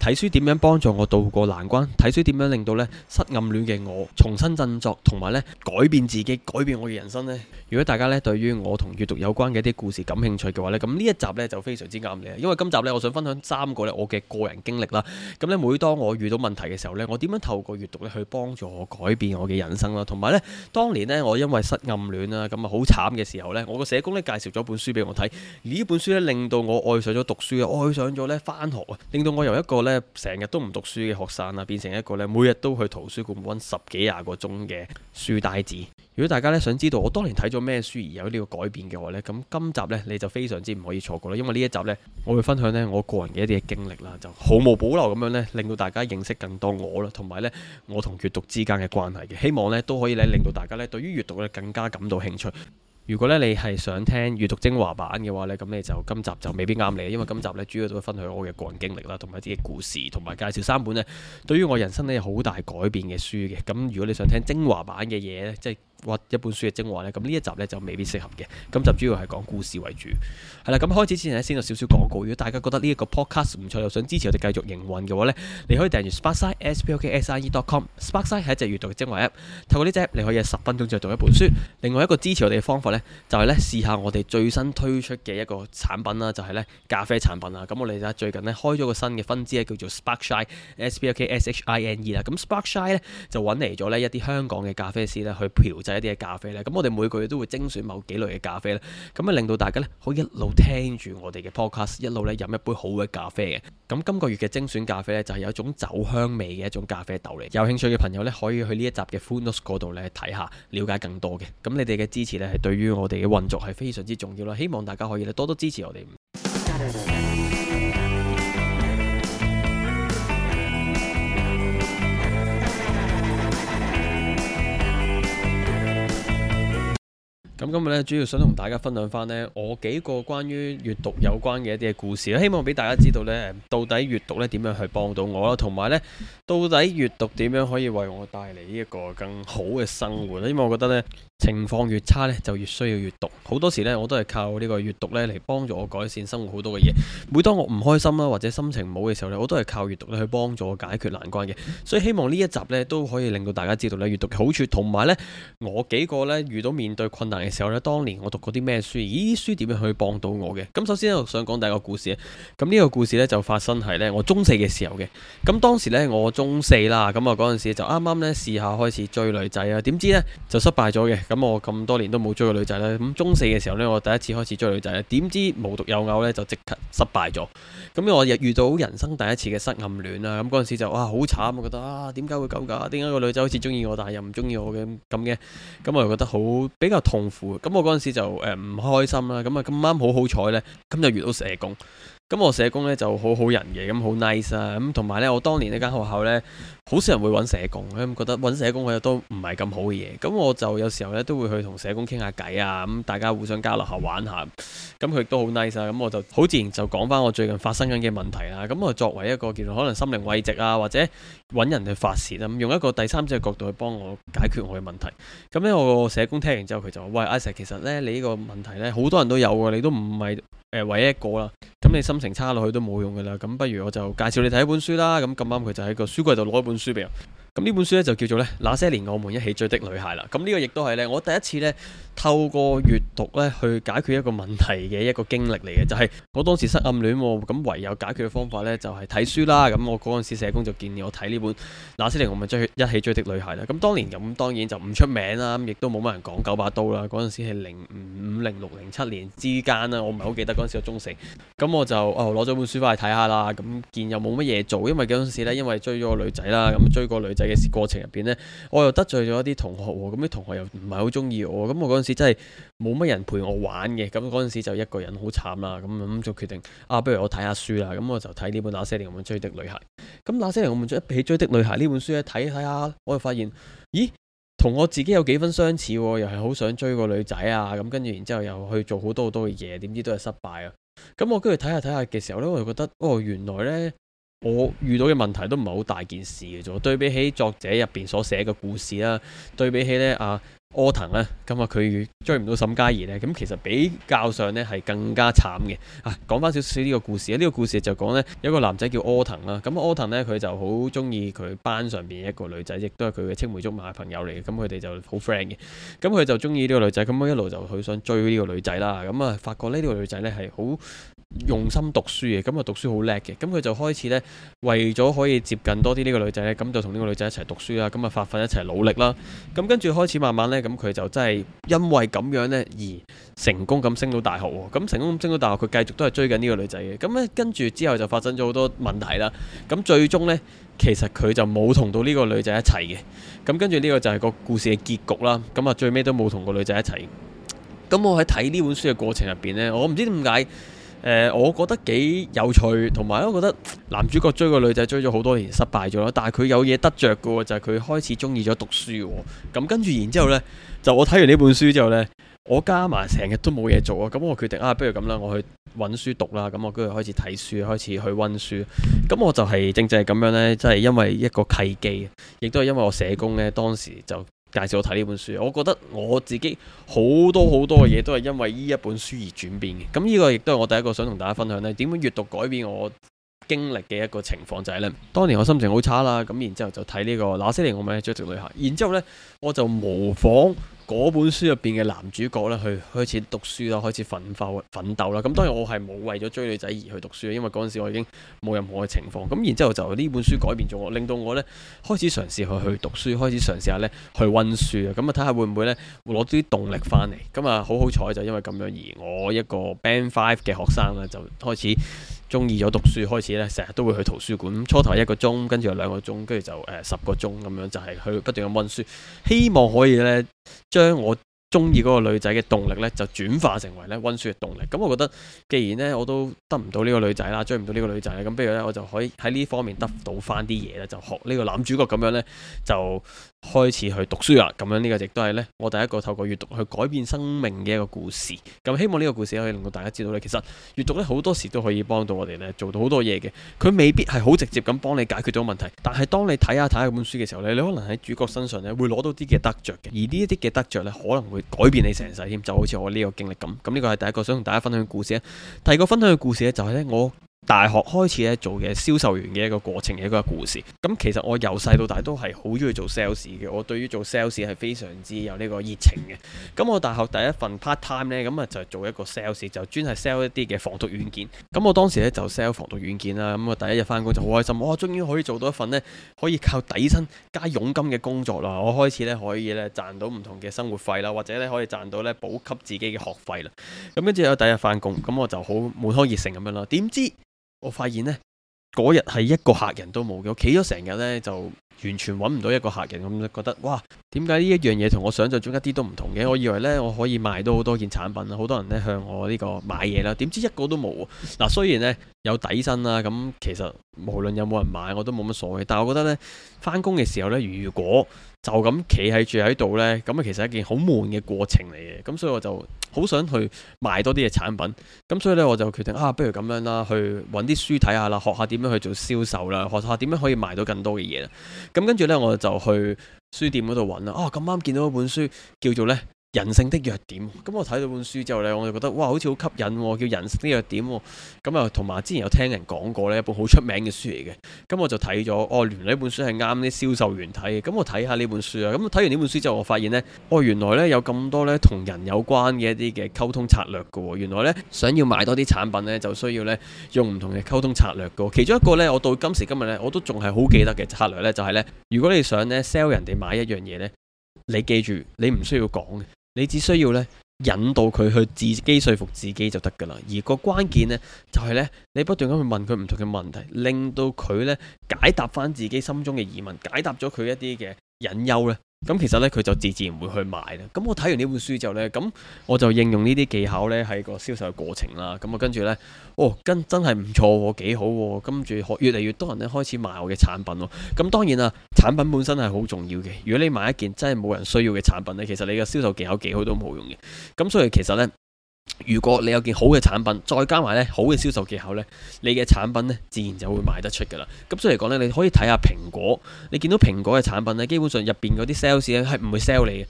睇書點樣幫助我渡過難關？睇書點樣令到咧失暗戀嘅我重新振作，同埋咧改變自己，改變我嘅人生呢？如果大家咧對於我同閱讀有關嘅一啲故事感興趣嘅話咧，咁呢一集咧就非常之啱你啊！因為今集咧，我想分享三個咧我嘅個人經歷啦。咁咧，每當我遇到問題嘅時候咧，我點樣透過閱讀咧去幫助我改變我嘅人生啦？同埋咧，當年咧我因為失暗戀啦，咁啊好慘嘅時候咧，我個社工咧介紹咗本書俾我睇，而呢本書咧令到我愛上咗讀書啊，愛上咗咧返學啊，令到我由一個咧。成日都唔讀書嘅學生啦，變成一個咧每日都去圖書館溫十幾廿個鐘嘅書呆子。如果大家咧想知道我當年睇咗咩書而有呢個改變嘅話呢，咁今集呢，你就非常之唔可以錯過啦。因為呢一集呢，我會分享呢我個人嘅一啲嘅經歷啦，就毫無保留咁樣呢，令到大家認識更多我啦，同埋呢我同閱讀之間嘅關係嘅。希望呢都可以呢，令到大家呢對於閱讀呢更加感到興趣。如果咧你係想聽閲讀精華版嘅話咧，咁你就今集就未必啱你，因為今集咧主要都會分享我嘅個人經歷啦，同埋啲嘅故事，同埋介紹三本咧對於我人生咧有好大改變嘅書嘅。咁如果你想聽精華版嘅嘢咧，即係，挖一本書嘅精華咧，咁呢一集咧就未必適合嘅。咁就主要係講故事為主，係啦。咁開始之前咧，先有少少廣告。如果大家覺得呢一個 podcast 唔錯，又想支持我哋繼續營運嘅話咧，你可以訂閱 s p a r k s i d e s p o k s i r e c o m sparkside 係一隻閱讀嘅精華 App。透過呢隻 App，你可以十分鐘就讀一本書。另外一個支持我哋嘅方法咧，就係咧試下我哋最新推出嘅一個產品啦，就係咧咖啡產品啊。咁我哋咧最近咧開咗個新嘅分支叫做 s p a r k s i d e s p o k s h i n e 啦。咁 sparkside 咧就揾嚟咗咧一啲香港嘅咖啡師咧去調一啲嘅咖啡咧，咁我哋每個月都會精選某幾類嘅咖啡咧，咁啊令到大家咧可以一路聽住我哋嘅 podcast，一路咧飲一杯好嘅咖啡嘅。咁、這、今個月嘅精選咖啡咧就係有一種酒香味嘅一種咖啡豆嚟，有興趣嘅朋友咧可以去呢一集嘅 food news 嗰度咧睇下，了解更多嘅。咁你哋嘅支持咧係對於我哋嘅運作係非常之重要啦，希望大家可以多多支持我哋。 咁今日咧，主要想同大家分享翻咧我幾個關於閱讀有關嘅一啲嘅故事啦，希望俾大家知道咧，到底閱讀咧點樣去幫到我啦，同埋咧到底閱讀點樣可以為我帶嚟呢一個更好嘅生活，因為我覺得咧。情況越差呢，就越需要閱讀。好多時呢，我都係靠呢個閱讀呢嚟幫助我改善生活好多嘅嘢。每當我唔開心啦，或者心情唔好嘅時候呢，我都係靠閱讀呢去幫助我解決難關嘅。所以希望呢一集呢，都可以令到大家知道呢閱讀嘅好處，同埋呢，我幾個呢，遇到面對困難嘅時候呢，當年我讀過啲咩書？咦，書點樣可以幫到我嘅？咁首先我想講第一個故事。咁呢個故事呢，就發生係呢我中四嘅時候嘅。咁當時呢，我中四啦，咁啊嗰陣時就啱啱呢試下開始追女仔啊，點知呢就失敗咗嘅。咁我咁多年都冇追過女仔啦。咁中四嘅時候呢，我第一次開始追女仔咧，點知無獨有偶呢，就即刻失敗咗。咁我又遇到人生第一次嘅失暗戀啦，咁嗰陣時就哇好慘，我覺得啊，點解會咁㗎？點解個女仔好似中意我，但係又唔中意我嘅咁嘅？咁我又覺得好比較痛苦。咁我嗰陣時就誒唔、呃、開心啦。咁啊咁啱好好彩呢，咁就遇到社工。咁我社工咧就好好人嘅，咁好 nice 啦，咁同埋咧，我當年呢間學校咧，好少人會揾社工，咁覺得揾社工佢都唔係咁好嘅嘢。咁我就有時候咧都會去同社工傾下偈啊，咁大家互相交流下玩下。咁佢都好 nice 啊，咁我就好自然就講翻我最近發生緊嘅問題啦。咁我作為一個叫做可能心靈慰藉啊，或者揾人去發泄啊，用一個第三者角度去幫我解決我嘅問題。咁呢，我社工聽完之後，佢就話：喂，阿 Sir，其實呢，你呢個問題呢，好多人都有噶，你都唔係。唯一一個啦，咁你心情差落去都冇用噶啦，咁不如我就介紹你睇一本書啦，咁咁啱佢就喺個書櫃度攞一本書俾我。呢本書咧就叫做咧那些年我們一起追的女孩啦。咁呢個亦都係咧我第一次咧透過閱讀咧去解決一個問題嘅一個經歷嚟嘅。就係我當時失暗戀，咁唯有解決嘅方法咧就係睇書啦。咁我嗰陣時社工就建議我睇呢本那些年我們追一起追的女孩。咁當年咁當然就唔出名啦，咁亦都冇乜人講九把刀啦。嗰陣時係零五、零六、零七年之間啦，我唔係好記得嗰陣時嘅中盛。咁我就哦攞咗本書翻去睇下啦。咁見又冇乜嘢做，因為嗰陣時咧因為追咗個女仔啦，咁追個女仔。嘅過程入邊呢，我又得罪咗一啲同學，咁啲同學又唔係好中意我，咁我嗰陣時真係冇乜人陪我玩嘅，咁嗰陣時就一個人好慘啦，咁咁就決定啊，不如我睇下書啦，咁我就睇呢本《那些年我們追的女孩》，咁《那些年我們追一起追的女孩》呢本書咧睇睇下，我又發現咦，同我自己有幾分相似，又係好想追個女仔啊，咁跟住然之後又去做好多好多嘅嘢，點知都係失敗啊，咁我跟住睇下睇下嘅時候呢，我就覺得哦，原來呢。我遇到嘅問題都唔係好大件事嘅啫，對比起作者入邊所寫嘅故事啦，對比起咧阿、啊、柯騰咧，咁啊佢追唔到沈佳宜呢，咁其實比較上呢係更加慘嘅。啊，講翻少少呢個故事呢、這個故事就講呢，有一個男仔叫柯騰啦，咁、啊啊、柯騰呢，佢就好中意佢班上邊一個女仔，亦都係佢嘅青梅竹馬朋友嚟嘅，咁佢哋就好 friend 嘅，咁、啊、佢就中意呢個女仔，咁、啊、佢一路就去想追呢個女仔啦，咁啊，啊發覺呢、這個女仔呢係好。用心讀書嘅，咁啊讀書好叻嘅，咁佢就開始呢，為咗可以接近多啲呢個女仔呢，咁就同呢個女仔一齊讀書啦，咁啊發奮一齊努力啦，咁跟住開始慢慢呢，咁佢就真係因為咁樣呢而成功咁升到大學，咁成功咁升到大學，佢繼續都係追緊呢個女仔嘅，咁呢跟住之後就發生咗好多問題啦，咁最終呢，其實佢就冇同到呢個女仔一齊嘅，咁跟住呢個就係個故事嘅結局啦，咁啊最尾都冇同個女仔一齊，咁我喺睇呢本書嘅過程入邊呢，我唔知點解。誒、呃，我覺得幾有趣，同埋我覺得男主角追個女仔追咗好多年失敗咗，但係佢有嘢得着嘅喎，就係、是、佢開始中意咗讀書。咁、嗯、跟住，然之後咧，就我睇完呢本書之後呢，我加埋成日都冇嘢做啊，咁、嗯、我決定啊，不如咁啦，我去揾書讀啦。咁、嗯、我跟住開始睇書，開始去溫書。咁、嗯、我就係正正係咁樣呢，即、就、係、是、因為一個契機，亦都係因為我社工呢，當時就。介紹我睇呢本書，我覺得我自己好多好多嘅嘢都係因為呢一本書而轉變嘅。咁、這、呢個亦都係我第一個想同大家分享咧，點樣閱讀改變我經歷嘅一個情況就係、是、呢：當年我心情好差啦，咁然之後就睇呢、這個《那些年，我們一起追的女孩》，然之後呢，我就模仿。嗰本書入邊嘅男主角咧，佢開始讀書啦，開始奮發奮鬥啦。咁當然我係冇為咗追女仔而去讀書，因為嗰陣時我已經冇任何嘅情況。咁然之後就呢本書改變咗我，令到我呢開始嘗試去去讀書，開始嘗試下呢去温書啊。咁啊睇下會唔會咧攞啲動力翻嚟。咁啊好好彩就因為咁樣而我一個 Band Five 嘅學生呢，就開始中意咗讀書，開始呢，成日都會去圖書館。初頭一個鐘，跟住又兩個鐘，跟住就誒十個鐘咁樣，就係去不斷咁温書，希望可以呢。將我。中意嗰個女仔嘅動力呢，就轉化成為呢溫書嘅動力。咁我覺得，既然呢我都得唔到呢個女仔啦，追唔到呢個女仔，咁不如呢，我就可以喺呢方面得到翻啲嘢呢，就學呢個男主角咁樣呢，就開始去讀書啦。咁樣呢個亦都係呢，我第一個透過閱讀去改變生命嘅一個故事。咁希望呢個故事可以令到大家知道呢，其實閱讀呢好多時都可以幫到我哋呢做到好多嘢嘅。佢未必係好直接咁幫你解決咗問題，但係當你睇下睇下本書嘅時候呢，你可能喺主角身上呢會攞到啲嘅得着嘅，而呢一啲嘅得着呢，可能會。改變你成世添，就好似我呢個經歷咁。咁呢個係第一個想同大家分享嘅故事咧。第二個分享嘅故事咧，就係咧我。大學開始咧做嘅銷售員嘅一個過程嘅一個故事。咁其實我由細到大都係好中意做 sales 嘅。我對於做 sales 係非常之有呢個熱情嘅。咁我大學第一份 part time 呢，咁啊就做一個 sales，就專係 sell 一啲嘅防毒軟件。咁我當時呢就 sell 防毒軟件啦。咁我第一日返工就好開心，我終於可以做到一份呢可以靠底薪加佣金嘅工作啦。我開始呢可以呢賺到唔同嘅生活費啦，或者咧可以賺到呢補給自己嘅學費啦。咁跟住我第一日返工，咁我就好滿腔熱誠咁樣咯。點知？我發現呢，嗰日係一個客人都冇嘅，我企咗成日呢，就完全揾唔到一個客人，咁就覺得哇，點解呢一樣嘢同我想象中一啲都唔同嘅？我以為呢，我可以賣到好多件產品，好多人呢向我呢個買嘢啦，點知一個都冇。嗱，啊，雖然呢。有底薪啦，咁其實無論有冇人買，我都冇乜所謂。但係我覺得呢，翻工嘅時候呢，如果就咁企喺住喺度呢，咁啊其實一件好悶嘅過程嚟嘅。咁所以我就好想去賣多啲嘅產品。咁所以呢，我就決定啊，不如咁樣啦，去搵啲書睇下啦，學下點樣去做銷售啦，學下點樣可以賣到更多嘅嘢啦。咁跟住呢，我就去書店嗰度搵啦。啊，咁啱見到一本書叫做呢。人性的弱點，咁我睇到本書之後呢，我就覺得哇，好似好吸引喎，叫人性的弱點喎，咁啊，同埋之前有聽人講過呢一本好出名嘅書嚟嘅，咁我就睇咗，哦，原來呢本書係啱啲銷售員睇嘅，咁我睇下呢本書啊，咁睇完呢本書之後，我發現呢，哦，原來呢有咁多呢同人有關嘅一啲嘅溝通策略㗎喎，原來呢想要賣多啲產品呢，就需要呢用唔同嘅溝通策略㗎，其中一個呢，我到今時今日呢，我都仲係好記得嘅策略呢，就係、是、呢：如果你想呢 sell 人哋買一樣嘢呢，你記住你唔需要講。你只需要咧引導佢去自己說服自己就得㗎喇，而個關鍵咧就係、是、咧你不斷咁去問佢唔同嘅問題，令到佢咧解答返自己心中嘅疑問，解答咗佢一啲嘅隱憂咧。咁其實呢，佢就自自然會去買啦。咁我睇完呢本書之後呢，咁我就應用呢啲技巧呢，喺個銷售嘅過程啦。咁啊，跟住呢，哦，跟真係唔錯，幾好。跟住越嚟越多人呢，開始買我嘅產品。咁當然啊，產品本身係好重要嘅。如果你賣一件真係冇人需要嘅產品呢，其實你嘅銷售技巧幾好都冇用嘅。咁所以其實呢。如果你有件好嘅產品，再加埋咧好嘅銷售技巧呢，你嘅產品咧自然就會賣得出㗎喇。咁所以嚟講呢，你可以睇下蘋果，你見到蘋果嘅產品呢，基本上入邊嗰啲 sales 咧係唔會 sell 你嘅。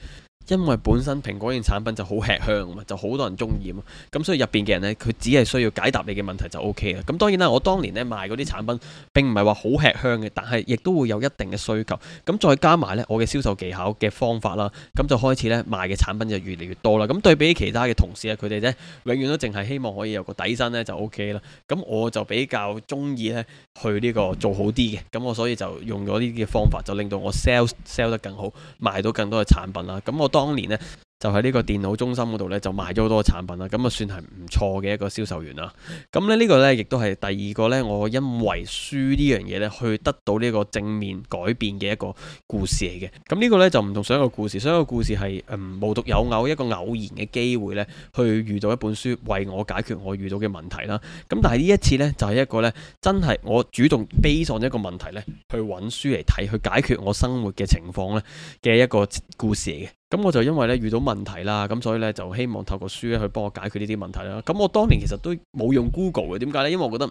因為本身蘋果呢件產品就好吃香啊嘛，就好多人中意啊，咁所以入邊嘅人呢，佢只係需要解答你嘅問題就 O K 啦。咁當然啦，我當年呢賣嗰啲產品，並唔係話好吃香嘅，但係亦都會有一定嘅需求。咁再加埋呢我嘅銷售技巧嘅方法啦，咁就開始呢賣嘅產品就越嚟越多啦。咁對比起其他嘅同事啊，佢哋呢永遠都淨係希望可以有個底薪呢就 O K 啦。咁我就比較中意呢去呢、呢個做好啲嘅，咁我所以就用咗呢啲嘅方法，就令到我 sell sell 得更好，賣到更多嘅產品啦。咁我當年呢，就喺呢個電腦中心嗰度呢，就賣咗好多產品啦，咁啊算係唔錯嘅一個銷售員啦。咁咧呢個呢，亦都係第二個呢。我因為書呢樣嘢呢，去得到呢個正面改變嘅一個故事嚟嘅。咁呢個呢，就唔同上一個故事，上一個故事係嗯、呃、無獨有偶一個偶然嘅機會呢，去遇到一本書為我解決我遇到嘅問題啦。咁但係呢一次呢，就係一個呢，真係我主動基於一個問題呢，去揾書嚟睇，去解決我生活嘅情況呢嘅一個故事嚟嘅。咁我就因為咧遇到問題啦，咁所以咧就希望透過書咧去幫我解決呢啲問題啦。咁我當年其實都冇用 Google 嘅，點解呢？因為我覺得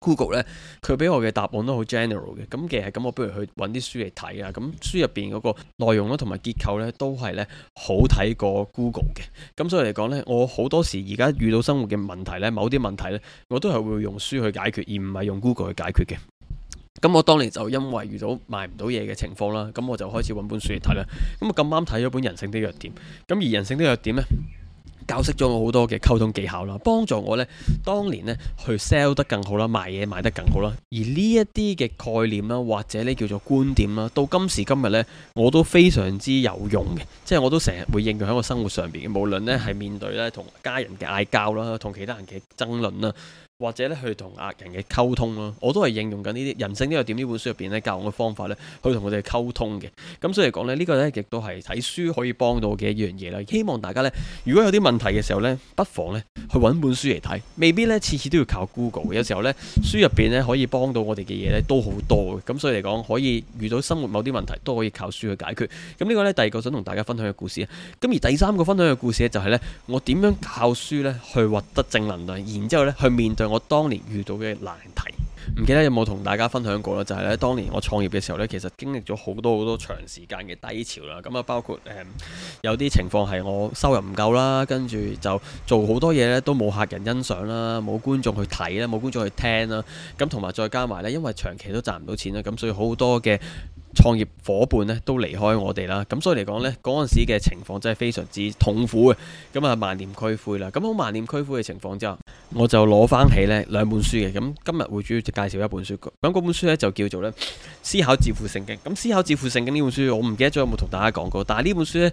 Google 咧，佢俾我嘅答案都好 general 嘅。咁其係實咁，我不如去揾啲書嚟睇啊。咁書入邊嗰個內容啦，同埋結構咧，都係咧好睇過 Google 嘅。咁所以嚟講咧，我好多時而家遇到生活嘅問題咧，某啲問題咧，我都係會用書去解決，而唔係用 Google 去解決嘅。咁我當年就因為遇到賣唔到嘢嘅情況啦，咁我就開始揾本書嚟睇啦。咁我咁啱睇咗本《人性的弱點》，咁而《人性的弱點》呢，教識咗我好多嘅溝通技巧啦，幫助我呢當年呢去 sell 得更好啦，賣嘢賣得更好啦。而呢一啲嘅概念啦，或者呢叫做觀點啦，到今時今日呢，我都非常之有用嘅，即係我都成日會應用喺我生活上邊嘅。無論呢係面對呢同家人嘅嗌交啦，同其他人嘅爭論啦。或者咧去同阿人嘅溝通咯，我都係應用緊呢啲人性呢有點呢本書入邊咧教我嘅方法咧去同佢哋溝通嘅。咁所以嚟講咧，這個、呢個咧亦都係睇書可以幫到嘅一樣嘢啦。希望大家咧，如果有啲問題嘅時候咧，不妨咧去揾本書嚟睇，未必咧次次都要靠 Google。有時候咧，書入邊咧可以幫到我哋嘅嘢咧都好多嘅。咁所以嚟講，可以遇到生活某啲問題，都可以靠書去解決。咁呢個咧第二個想同大家分享嘅故事啊。咁而第三個分享嘅故事咧就係、是、咧，我點樣靠書咧去獲得正能量，然之後咧去面對。我當年遇到嘅難題，唔記得有冇同大家分享過啦，就係、是、咧當年我創業嘅時候咧，其實經歷咗好多好多長時間嘅低潮啦，咁啊包括誒、呃、有啲情況係我收入唔夠啦，跟住就做好多嘢咧都冇客人欣賞啦，冇觀眾去睇啦，冇觀眾去聽啦，咁同埋再加埋咧，因為長期都賺唔到錢啦，咁所以好多嘅創業夥伴咧都離開我哋啦，咁所以嚟講咧，嗰陣時嘅情況真係非常之痛苦嘅，咁啊萬念俱灰啦，咁好萬念俱灰嘅情況之下。我就攞翻起呢兩本書嘅，咁今日會主要就介紹一本書嘅，咁本書呢，就叫做呢《思考致富聖經》。咁《思考致富聖經》呢本書我唔記得咗有冇同大家講過，但係呢本書呢。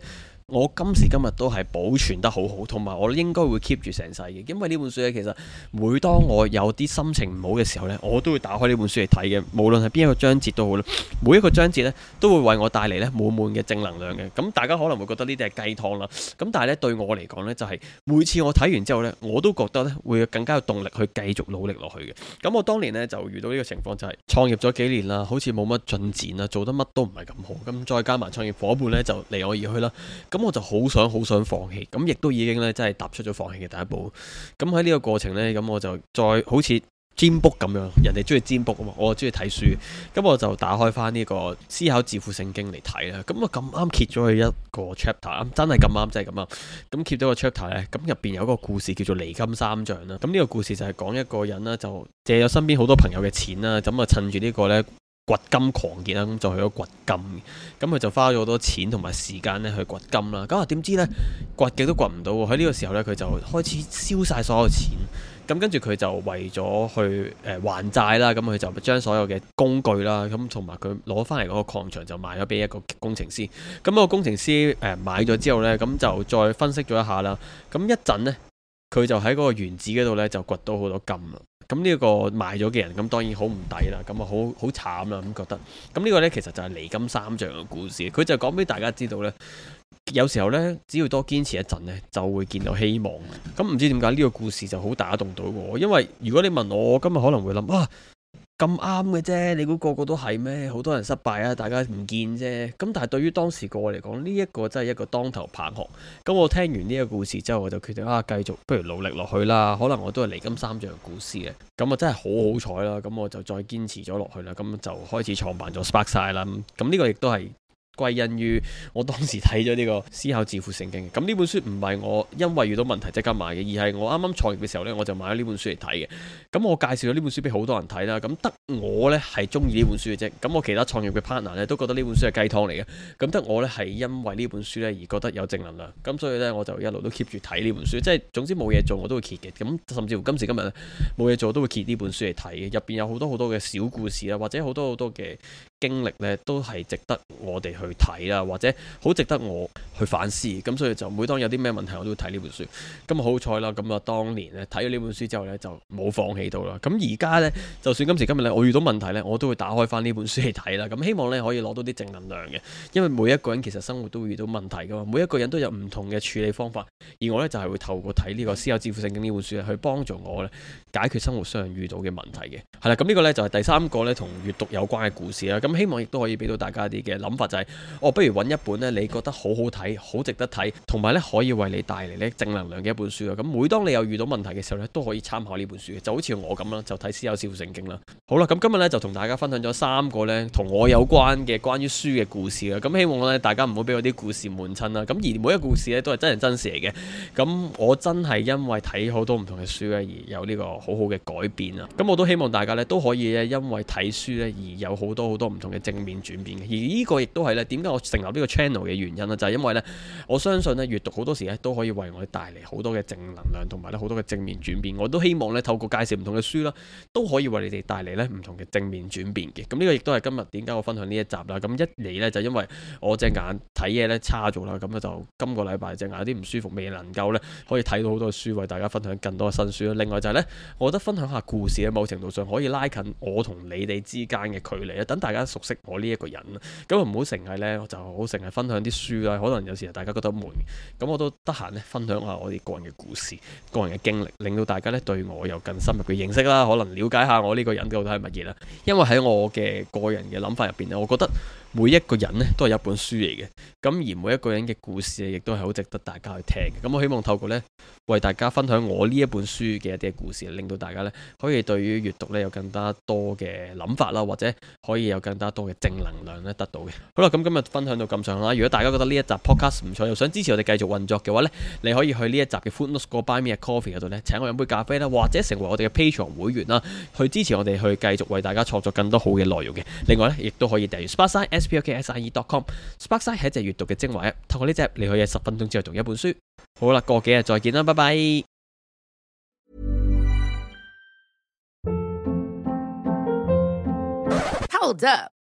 我今時今日都係保存得好好，同埋我應該會 keep 住成世嘅，因為呢本書咧，其實每當我有啲心情唔好嘅時候呢，我都會打開呢本書嚟睇嘅，無論係邊一個章節都好啦，每一個章節呢，都會為我帶嚟呢滿滿嘅正能量嘅。咁大家可能會覺得呢啲係雞湯啦，咁但係呢，對我嚟講呢，就係每次我睇完之後呢，我都覺得呢會更加有動力去繼續努力落去嘅。咁我當年呢，就遇到呢個情況就係、是、創業咗幾年啦，好似冇乜進展啦，做得乜都唔係咁好，咁再加埋創業伙伴呢，就離我而去啦。咁我就好想好想放棄，咁亦都已經咧，真係踏出咗放棄嘅第一步。咁喺呢個過程呢，咁我就再好似占卜咁樣，人哋中意占卜啊嘛，book，我中意睇書。咁我就打開翻呢、這個《思考致富聖經》嚟睇啦。咁啊咁啱揭咗佢一個 chapter，真係咁啱，真係咁啊。咁、就是、揭咗個 chapter 呢，咁入邊有一個故事叫做《離金三丈》啦。咁呢個故事就係講一個人呢，就借咗身邊好多朋友嘅錢啦，咁啊趁住呢個呢。掘金狂熱啦，咁就去咗掘金，咁佢就花咗好多錢同埋時間咧去掘金啦。咁啊，點知呢？掘極都掘唔到。喺呢個時候呢，佢就開始燒晒所有錢。咁跟住佢就為咗去誒還債啦，咁佢就將所有嘅工具啦，咁同埋佢攞翻嚟嗰個礦場就賣咗俾一個工程師。咁個工程師誒買咗之後呢，咁就再分析咗一下啦。咁一陣呢。佢就喺嗰個原子嗰度呢，就掘到好多金啦。咁呢個賣咗嘅人，咁當然好唔抵啦。咁啊，好好慘啦，咁覺得。咁呢個呢，其實就係《離金三丈》嘅故事。佢就講俾大家知道呢，有時候呢，只要多堅持一陣呢，就會見到希望。咁唔知點解呢個故事就好打動到我，因為如果你問我，我今日可能會諗啊。咁啱嘅啫，你估個個都係咩？好多人失敗啊，大家唔見啫。咁但係對於當時個我嚟講，呢、這、一個真係一個當頭棒喝。咁我聽完呢一個故事之後，我就決定啊，繼續不如努力落去啦。可能我都係嚟金三丈嘅故事嘅。咁啊真係好好彩啦。咁我就再堅持咗落去啦。咁就開始創辦咗 Sparkside 啦。咁呢個亦都係。歸因於我當時睇咗呢個《思考致富聖經》。咁呢本書唔係我因為遇到問題即刻買嘅，而係我啱啱創業嘅時候呢，我就買咗呢本書嚟睇嘅。咁我介紹咗呢本書俾好多人睇啦，咁得我呢係中意呢本書嘅啫。咁我其他創業嘅 partner 咧都覺得呢本書係雞湯嚟嘅，咁得我呢係因為呢本書呢而覺得有正能量。咁所以呢，我就一路都 keep 住睇呢本書。即係總之冇嘢做，我都會揭嘅。咁甚至乎今時今日冇嘢做，我都會揭呢本書嚟睇嘅。入邊有好多好多嘅小故事啦，或者好多好多嘅經歷咧都係值得我哋去睇啦，或者好值得我去反思，咁所以就每當有啲咩問題我都會睇呢本書。咁好彩啦，咁啊當年咧睇咗呢本書之後咧就冇放棄到啦。咁而家呢，就算今時今日咧我遇到問題咧，我都會打開翻呢本書嚟睇啦。咁希望咧可以攞到啲正能量嘅，因為每一個人其實生活都會遇到問題噶嘛，每一個人都有唔同嘅處理方法。而我咧就係、是、會透過睇呢、這個《思考致富》聖經呢本書呢去幫助我咧解決生活上遇到嘅問題嘅。係啦，咁呢個咧就係、是、第三個咧同閱讀有關嘅故事啦。咁希望亦都可以俾到大家啲嘅諗法，就是，就係我不如搵一本呢，你覺得好好睇、好值得睇，同埋呢可以為你帶嚟呢正能量嘅一本書啊！咁每當你有遇到問題嘅時候呢，都可以參考呢本書就好似我咁啦，就睇《私有小聖經》啦。好啦，咁今日呢，就同大家分享咗三個呢，同我有關嘅關於書嘅故事啦。咁希望呢，大家唔好俾我啲故事悶親啦。咁而每一個故事呢，都係真人真事嚟嘅。咁我真係因為睇好多唔同嘅書呢，而有呢個好好嘅改變啊！咁我都希望大家呢，都可以因為睇書呢，而有好多好多。唔同嘅正面轉變嘅，而呢個亦都係咧點解我成立呢個 channel 嘅原因呢就係、是、因為呢，我相信呢閱讀好多時咧都可以為我哋帶嚟好多嘅正能量，同埋咧好多嘅正面轉變。我都希望呢透過介紹唔同嘅書啦，都可以為你哋帶嚟呢唔同嘅正面轉變嘅。咁、這、呢個亦都係今日點解我分享呢一集啦。咁一嚟呢，就因為我隻眼睇嘢咧差咗啦，咁就今個禮拜隻眼有啲唔舒服，未能夠呢可以睇到好多嘅書，為大家分享更多嘅新書。另外就係、是、呢，我覺得分享下故事喺某程度上可以拉近我同你哋之間嘅距離啊。等大家。熟悉我呢一個人啦，咁唔好成日呢，我就好成日分享啲書啦。可能有時候大家覺得悶，咁我都得閒呢，分享下我哋個人嘅故事、個人嘅經歷，令到大家呢對我有更深入嘅認識啦。可能了解下我呢個人到底係乜嘢啦。因為喺我嘅個人嘅諗法入邊呢，我覺得。每一個人咧都係一本書嚟嘅，咁而每一個人嘅故事亦都係好值得大家去聽嘅。咁我希望透過呢，為大家分享我呢一本書嘅一啲故事，令到大家呢可以對於閱讀呢有更加多嘅諗法啦，或者可以有更加多嘅正能量咧得到嘅。好啦，咁今日分享到咁上下啦。如果大家覺得呢一集 podcast 唔錯，又想支持我哋繼續運作嘅話呢，你可以去呢一集嘅 Foodless Go Buy Me A Coffee 嗰度呢，請我飲杯咖啡啦，或者成為我哋嘅 Patreon 會員啦，去支持我哋去繼續為大家創作更多好嘅內容嘅。另外呢，亦都可以訂閱 Spotify。s p o k s i d e c o m s p a r k s 係一隻閲讀嘅精華啊！透過呢隻，你可以喺十分鐘之後讀一本書。好啦，過幾日再見啦，拜拜。Hold up。